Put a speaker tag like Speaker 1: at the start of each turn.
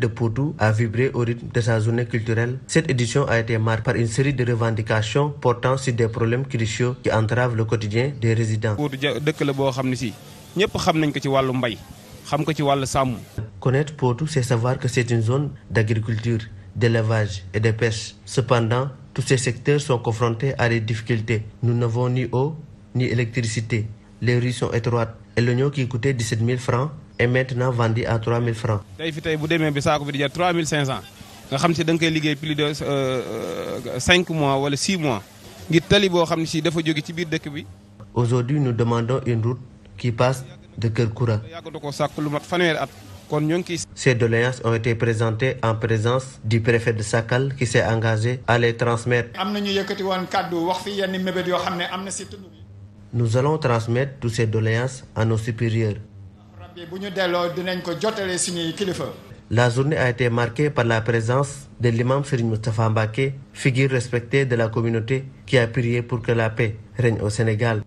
Speaker 1: de Poudou à vibré au rythme de sa journée culturelle. Cette édition a été marquée par une série de revendications portant sur des problèmes cruciaux qui entravent le quotidien des résidents.
Speaker 2: Poudou dëkk la boo xam ne si ñëpp xam nañ ko ci wàllu mbay xam ko ci wàllu sàmm.
Speaker 1: Connaître Poudou, c'est savoir que c'est une zone d'agriculture, d'élevage et de pêche. Cependant, tous ces secteurs sont confrontés à des difficultés. Nous n'avons ni eau ni électricité. Les rues sont étroites et l'oignon qui coûtait 17 000 francs est maintenant vendu à 3000 francs.
Speaker 2: tey bu demee bi saako bi di jar 3500 nga xam si da nga koy liggéey plus de euh, euh, mois wala 6 mois ngir tali boo xam ne si dafa jóge ci biir dëkk bi.
Speaker 1: aujourd'hui nous demandons une route qui passe de Kër Koura. yàggatu ko sàkk lu mat kon ñoo ngi Ces doléances ont été présentées en présence du préfet de Sakal qui s'est engagé à les transmettre. am na ñu
Speaker 3: yëkkati woon kàddu wax fi yenn mébét yoo xam ne am na si tund.
Speaker 1: Nous allons transmettre toutes ces doléances à nos supérieurs.
Speaker 3: bu ñu delloo dinañ ko jotale suñuy kilifa.
Speaker 1: La journée a été marquée par la présence de l'imam Serigne Moustapha Mbacké, figure respectée de la communauté ki a prié pour que la paix règne au Sénégal.